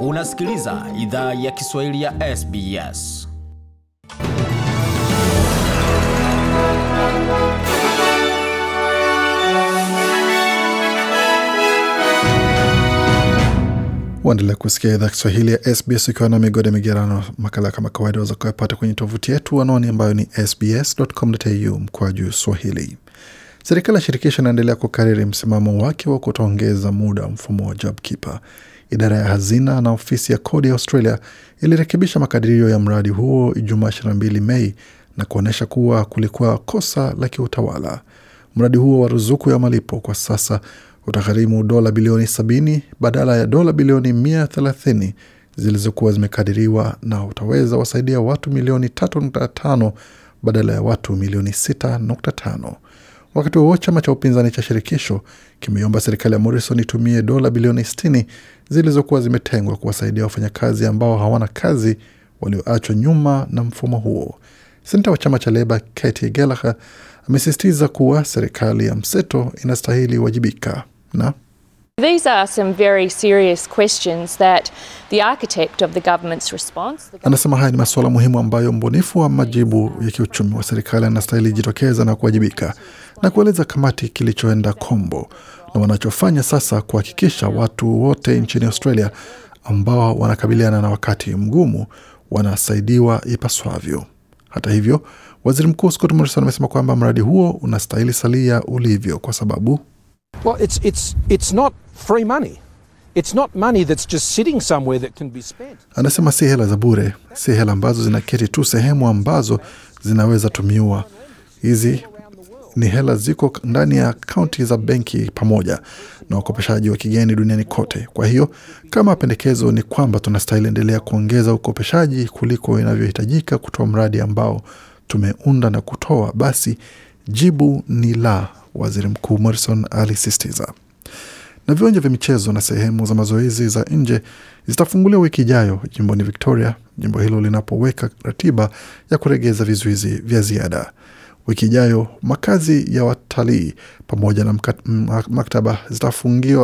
Unasikiliza idhaa ya Kiswahili ya SBS. Waendelea kusikia idhaa Kiswahili ya SBS ukiwa na migode migerano. Makala kama kawaida waweza kuyapata kwenye tovuti yetu anwani ambayo ni sbs.com.au mkwa juu swahili. Serikali ya shirikisho inaendelea kukariri msimamo wake wa kutoongeza muda mfumo wa keeper Idara ya hazina na ofisi ya kodi ya Australia ilirekebisha makadirio ya mradi huo Ijumaa 22 Mei na kuonyesha kuwa kulikuwa kosa la kiutawala. Mradi huo wa ruzuku ya malipo kwa sasa utagharimu dola bilioni 70 badala ya dola bilioni 130 zilizokuwa zimekadiriwa na utaweza wasaidia watu milioni 3.5 badala ya watu milioni 6.5. Wakati huo chama cha upinzani cha shirikisho kimeomba serikali ya Morrison itumie dola bilioni 60 zilizokuwa zimetengwa kuwasaidia wafanyakazi ambao hawana kazi walioachwa nyuma na mfumo huo. senta wa chama cha Leba Katie Gallagher amesisitiza kuwa serikali ya mseto inastahili wajibika na Anasema haya ni masuala muhimu ambayo mbunifu wa majibu ya kiuchumi wa serikali anastahili jitokeza na kuwajibika na kueleza kamati kilichoenda kombo na wanachofanya sasa kuhakikisha watu wote nchini Australia ambao wanakabiliana na wakati mgumu wanasaidiwa ipaswavyo. Hata hivyo, Waziri Mkuu Scott Morrison amesema kwamba mradi huo unastahili salia ulivyo kwa sababu well, it's, it's, it's not free money. It's not money that's just sitting somewhere that can be spent. Anasema si hela za bure, si hela ambazo zinaketi tu sehemu ambazo zinaweza tumiwa. Hizi ni hela ziko ndani ya akaunti za benki pamoja na wakopeshaji wa kigeni duniani kote. Kwa hiyo kama pendekezo ni kwamba tunastahili endelea kuongeza ukopeshaji kuliko inavyohitajika kutoa mradi ambao tumeunda na kutoa, basi jibu ni la, waziri mkuu Morrison alisisitiza na viwanja vya michezo na sehemu za mazoezi za nje zitafunguliwa wiki ijayo jimboni Victoria, jimbo hilo linapoweka ratiba ya kuregeza vizuizi vya ziada. Wiki ijayo makazi ya watalii pamoja na maktaba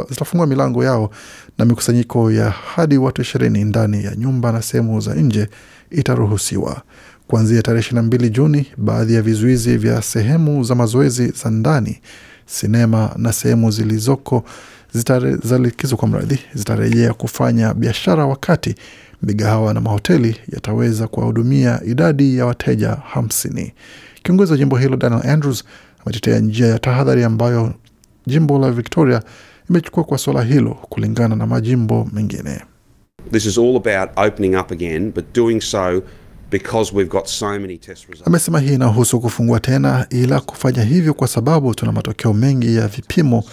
zitafungua milango yao na mikusanyiko ya hadi watu ishirini ndani ya nyumba na sehemu za nje itaruhusiwa. Kuanzia tarehe ishirini na mbili Juni, baadhi ya vizuizi vya sehemu za mazoezi za ndani, sinema na sehemu zilizoko zitazalikizwa kwa mradhi zitarejea kufanya biashara wakati migahawa na mahoteli yataweza kuwahudumia idadi ya wateja hamsini. Kiongozi wa jimbo hilo Daniel Andrews ametetea njia ya tahadhari ambayo jimbo la Victoria imechukua kwa suala hilo kulingana na majimbo mengine. This is all about opening up again, but doing so because we've got so many test results. Amesema hii inahusu kufungua tena, ila kufanya hivyo kwa sababu tuna matokeo mengi ya vipimo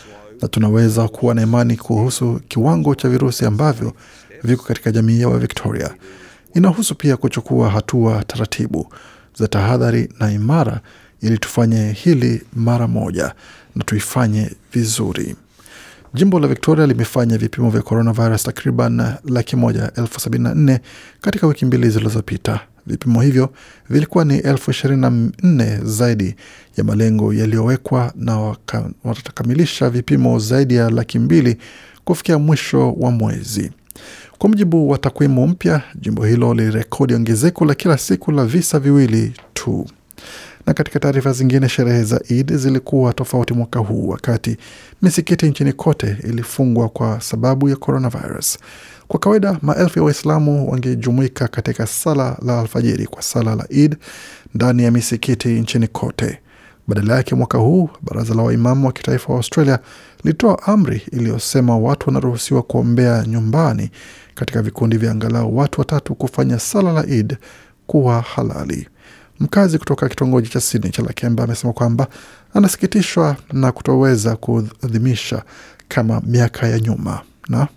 na tunaweza kuwa na imani kuhusu kiwango cha virusi ambavyo viko katika jamii ya Victoria. Inahusu pia kuchukua hatua taratibu za tahadhari na imara ili tufanye hili mara moja na tuifanye vizuri. Jimbo la Victoria limefanya vipimo vya coronavirus takriban laki moja elfu sabini na nne katika wiki mbili zilizopita. Vipimo hivyo vilikuwa ni elfu ishirini na nne zaidi ya malengo yaliyowekwa na watakamilisha vipimo zaidi ya laki mbili kufikia mwisho wa mwezi. Kwa mujibu wa takwimu mpya, jimbo hilo lilirekodi ongezeko la kila siku la visa viwili tu. Na katika taarifa zingine, sherehe za Eid zilikuwa tofauti mwaka huu, wakati misikiti nchini kote ilifungwa kwa sababu ya coronavirus. Kwa kawaida maelfu ya Waislamu wangejumuika katika sala la alfajiri kwa sala la Eid ndani ya misikiti nchini kote. Badala yake mwaka huu baraza la waimamu wa kitaifa wa Australia lilitoa amri iliyosema watu wanaruhusiwa kuombea nyumbani katika vikundi vya angalau watu watatu, kufanya sala la Eid kuwa halali. Mkazi kutoka kitongoji cha Sydney cha Lakemba amesema kwamba anasikitishwa na kutoweza kuadhimisha kama miaka ya nyuma na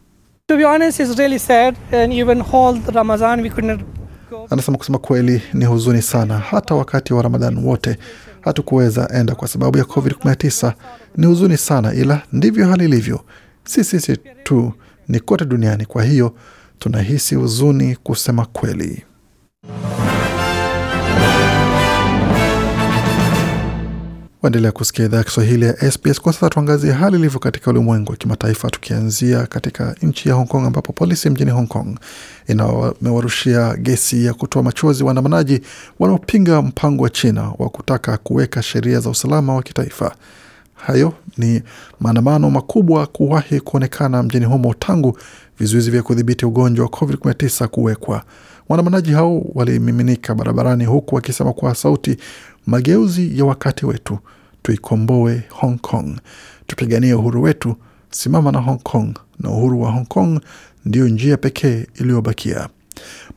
anasema kusema kweli ni huzuni sana. Hata wakati wa Ramadhan wote hatukuweza enda kwa sababu ya COVID-19. Ni huzuni sana, ila ndivyo hali ilivyo, si sisi tu, ni kote duniani. Kwa hiyo tunahisi huzuni kusema kweli. Waendelea kusikia idhaa ya Kiswahili ya SBS. Kwa sasa tuangazie hali ilivyo katika ulimwengu wa kimataifa, tukianzia katika nchi ya Hong Kong ambapo polisi mjini Hong Kong inamewarushia gesi ya kutoa machozi waandamanaji wanaopinga mpango wa China wa kutaka kuweka sheria za usalama wa kitaifa. Hayo ni maandamano makubwa kuwahi kuonekana mjini humo tangu vizuizi vya kudhibiti ugonjwa wa COVID-19 kuwekwa. Waandamanaji hao walimiminika barabarani huku wakisema kwa sauti mageuzi ya wakati wetu, tuikomboe Hong Kong, tupiganie uhuru wetu. Simama na Hong Kong, na uhuru wa Hong Kong ndiyo njia pekee iliyobakia.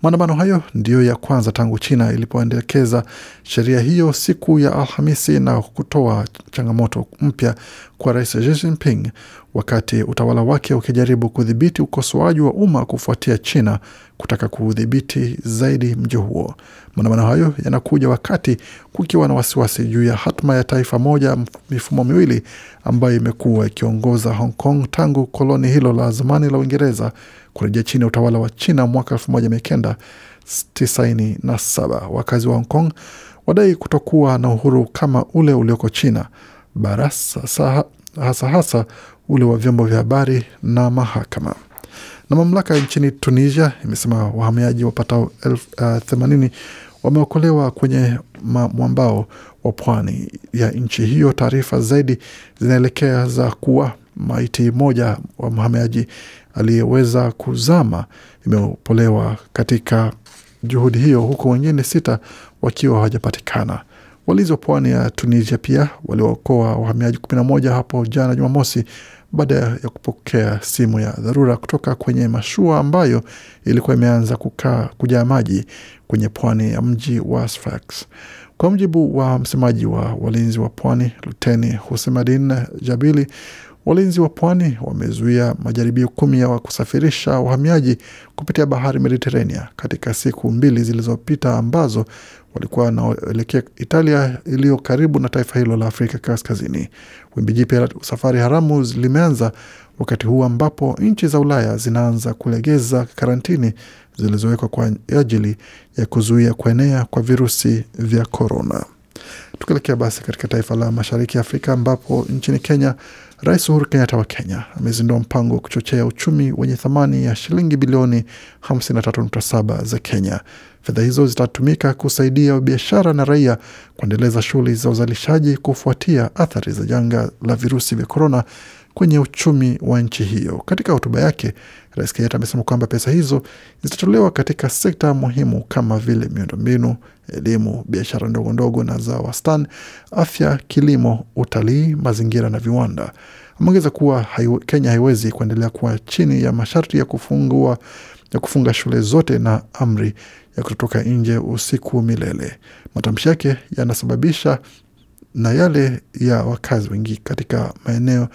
Maandamano hayo ndiyo ya kwanza tangu China ilipoendekeza sheria hiyo siku ya Alhamisi na kutoa changamoto mpya kwa Rais Xi Jinping wakati utawala wake ukijaribu kudhibiti ukosoaji wa umma kufuatia China kutaka kuudhibiti zaidi mji huo. Maandamano hayo yanakuja wakati kukiwa na wasiwasi juu ya hatma ya taifa moja mifumo miwili ambayo imekuwa ikiongoza Hong Kong tangu koloni hilo la zamani la Uingereza kurejea chini ya utawala wa China mwaka saba. Wakazi wa Hong Kong wadai kutokuwa na uhuru kama ule ulioko China bara, hasa hasa ule wa vyombo vya habari na mahakama. Na mamlaka nchini Tunisia imesema wahamiaji wapatao elfu uh, themanini wameokolewa kwenye mwambao wa pwani ya nchi hiyo. Taarifa zaidi zinaelekea za kuwa maiti moja wa mhamiaji aliyeweza kuzama imeopolewa katika juhudi hiyo, huku wengine sita wakiwa hawajapatikana. Walinzi wa pwani ya Tunisia pia waliokoa wahamiaji 11 hapo jana Jumamosi baada ya kupokea simu ya dharura kutoka kwenye mashua ambayo ilikuwa imeanza kukaa kujaa maji kwenye pwani ya mji wa Sfax. Kwa mujibu wa msemaji wa walinzi wa pwani Luteni Husemadin Jabili, Walinzi wa pwani wamezuia majaribio kumi ya kusafirisha wahamiaji kupitia bahari Mediterania katika siku mbili zilizopita ambazo walikuwa wanaelekea Italia iliyo karibu na taifa hilo la Afrika Kaskazini. Wimbi jipya la safari haramu limeanza wakati huu ambapo nchi za Ulaya zinaanza kulegeza karantini zilizowekwa kwa ajili ya kuzuia kuenea kwa virusi vya korona. Tukielekea basi katika taifa la mashariki Afrika ambapo nchini Kenya Rais Uhuru Kenyatta wa Kenya amezindua mpango wa kuchochea uchumi wenye thamani ya shilingi bilioni 53.7 za Kenya. Fedha hizo zitatumika kusaidia biashara na raia kuendeleza shughuli za uzalishaji kufuatia athari za janga la virusi vya korona kwenye uchumi wa nchi hiyo. Katika hotuba yake, Rais Kenyatta amesema kwamba pesa hizo zitatolewa katika sekta muhimu kama vile miundombinu elimu, biashara ndogo ndogo na za wastani, afya, kilimo, utalii, mazingira na viwanda. Ameongeza kuwa hayu, Kenya haiwezi kuendelea kuwa chini ya masharti ya kufungua ya kufunga shule zote na amri ya kutotoka nje usiku milele. Matamshi yake yanasababisha na yale ya wakazi wengi katika maeneo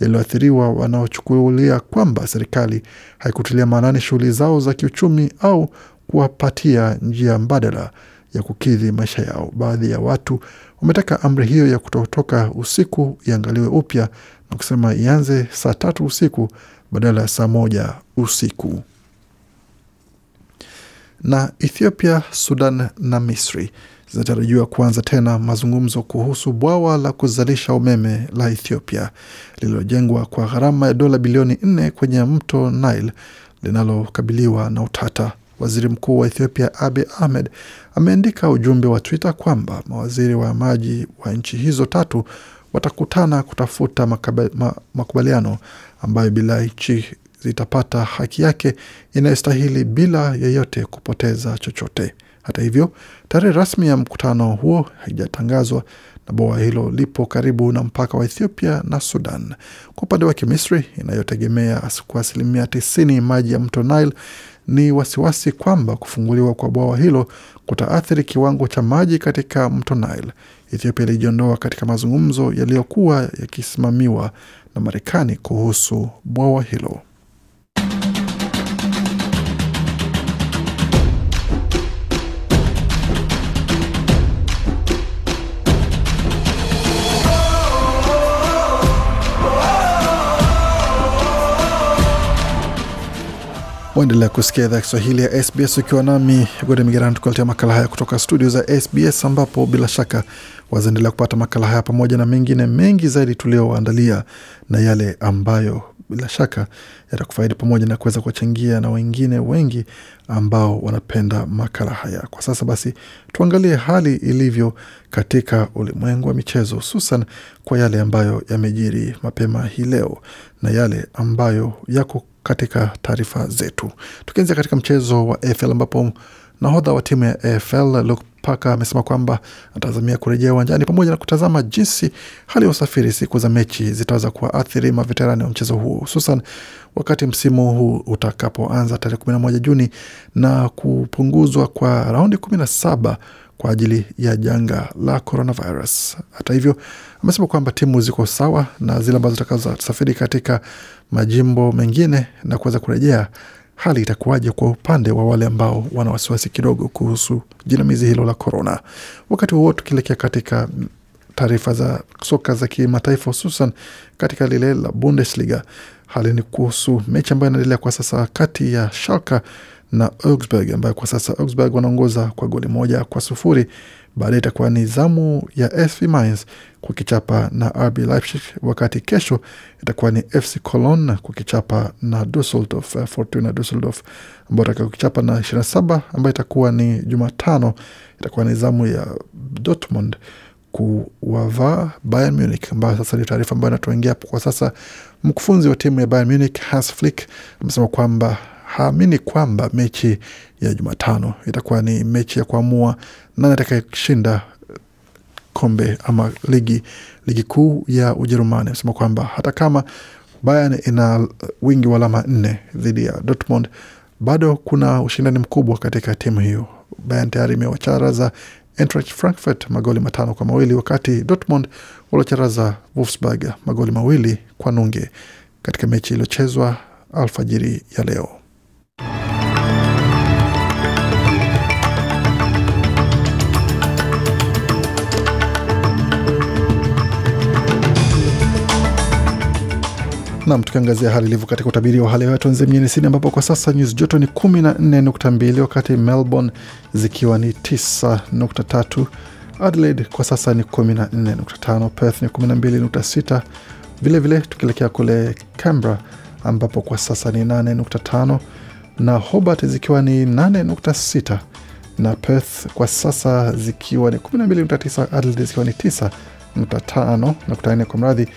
yaliyoathiriwa wanaochukulia kwamba serikali haikutilia maanani shughuli zao za kiuchumi au kuwapatia njia mbadala ya kukidhi maisha yao. Baadhi ya watu wametaka amri hiyo ya kutotoka usiku iangaliwe upya na kusema ianze saa tatu usiku badala ya saa moja usiku. Na Ethiopia, Sudan na Misri zinatarajiwa kuanza tena mazungumzo kuhusu bwawa la kuzalisha umeme la Ethiopia lililojengwa kwa gharama ya dola bilioni nne kwenye mto Nile linalokabiliwa na utata. Waziri Mkuu wa Ethiopia Abiy Ahmed ameandika ujumbe wa Twitter kwamba mawaziri wa maji wa nchi hizo tatu watakutana kutafuta makaba, ma, makubaliano ambayo bila nchi zitapata haki yake inayostahili bila yeyote kupoteza chochote. Hata hivyo, tarehe rasmi ya mkutano huo haijatangazwa na bwawa hilo lipo karibu na mpaka wa Ethiopia na Sudan. Kwa upande wake, Misri inayotegemea kwa asilimia tisini maji ya mto Nile ni wasiwasi kwamba kufunguliwa kwa bwawa hilo kutaathiri kiwango cha maji katika mto Nile. Ethiopia ilijiondoa katika mazungumzo yaliyokuwa yakisimamiwa na Marekani kuhusu bwawa hilo. Waendelea kusikia idhaa Kiswahili ya SBS ukiwa nami Gode Migerani, tukuletea makala haya kutoka studio za SBS, ambapo bila shaka wazaendelea kupata makala haya pamoja na mengine mengi zaidi tuliyoandalia na yale ambayo bila shaka yatakufaidi pamoja na kuweza kuwachangia na wengine wengi ambao wanapenda makala haya. Kwa sasa basi, tuangalie hali ilivyo katika ulimwengu wa michezo, hususan kwa yale ambayo yamejiri mapema hii leo na yale ambayo yako katika taarifa zetu. Tukianzia katika mchezo wa AFL ambapo nahodha wa timu ya AFL Luke Parker amesema kwamba anatazamia kurejea uwanjani pamoja na kutazama jinsi hali ya usafiri siku za mechi zitaweza kuwaathiri maveterani wa mchezo huo, hususan wakati msimu huu utakapoanza tarehe 11 Juni na kupunguzwa kwa raundi 17 kwa ajili ya janga la coronavirus. Hata hivyo, amesema kwamba timu ziko sawa na zile ambazo zitakazosafiri katika majimbo mengine na kuweza kurejea, hali itakuwaje kwa upande wa wale ambao wana wasiwasi kidogo kuhusu jinamizi hilo la corona. Wakati huo tukielekea katika taarifa za soka za kimataifa, hususan katika lile la Bundesliga, hali ni kuhusu mechi ambayo inaendelea kwa sasa kati ya Schalke na Augsburg ambayo kwa sasa Augsburg wanaongoza kwa goli moja kwa sufuri. Baadaye itakuwa ni zamu ya SV Mainz kukichapa na RB Leipzig, wakati kesho itakuwa ni FC Cologne kukichapa na Dusseldorf, eh, Fortuna Dusseldorf ambayo itakuwa kukichapa na 27 ambayo itakuwa ni Jumatano, itakuwa ni zamu ya Dortmund kuwavaa Bayern Munich, ambayo sasa ndio taarifa ambayo inatuingia kwa sasa. Mkufunzi wa timu ya Bayern Munich Hans Flick amesema kwamba haamini kwamba mechi ya Jumatano itakuwa ni mechi ya kuamua nani atakayeshinda eh, kombe ama ligi ligi kuu ya Ujerumani. Amesema kwamba hata kama Bayern ina eh, wingi wa alama nne dhidi ya Dortmund, bado kuna ushindani mkubwa katika timu hiyo. Bayern tayari imewacharaza Eintracht Frankfurt magoli matano kwa mawili wakati Dortmund waliocharaza Wolfsburg magoli mawili kwa nunge katika mechi iliyochezwa alfajiri ya leo. Nam, tukiangazia hali ilivyo katika utabiri wa hali ya hewa, tuanzie mjini Sydney ambapo kwa sasa nyuzi joto ni 14.2, wakati Melbourne zikiwa ni 9.3. Adelaide kwa sasa ni 14.5, Perth ni 12.6, vilevile tukielekea kule Canberra ambapo kwa sasa ni 8.5 na Hobart zikiwa ni 8.6 na Perth kwa sasa zikiwa ni 12.9, Adelaide zikiwa ni 9.5 na kutaania kwa mradhi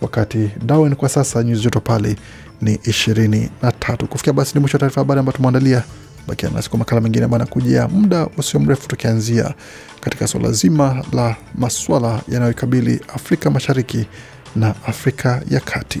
wakati Darwin kwa sasa nyuzi joto pale ni 23. Kufikia basi ni mwisho wa taarifa habari ambayo tumeandalia. Bakia nasi kwa makala mengine ambayo anakujia muda usio mrefu, tukianzia katika suala zima la maswala yanayoikabili Afrika Mashariki na Afrika ya Kati.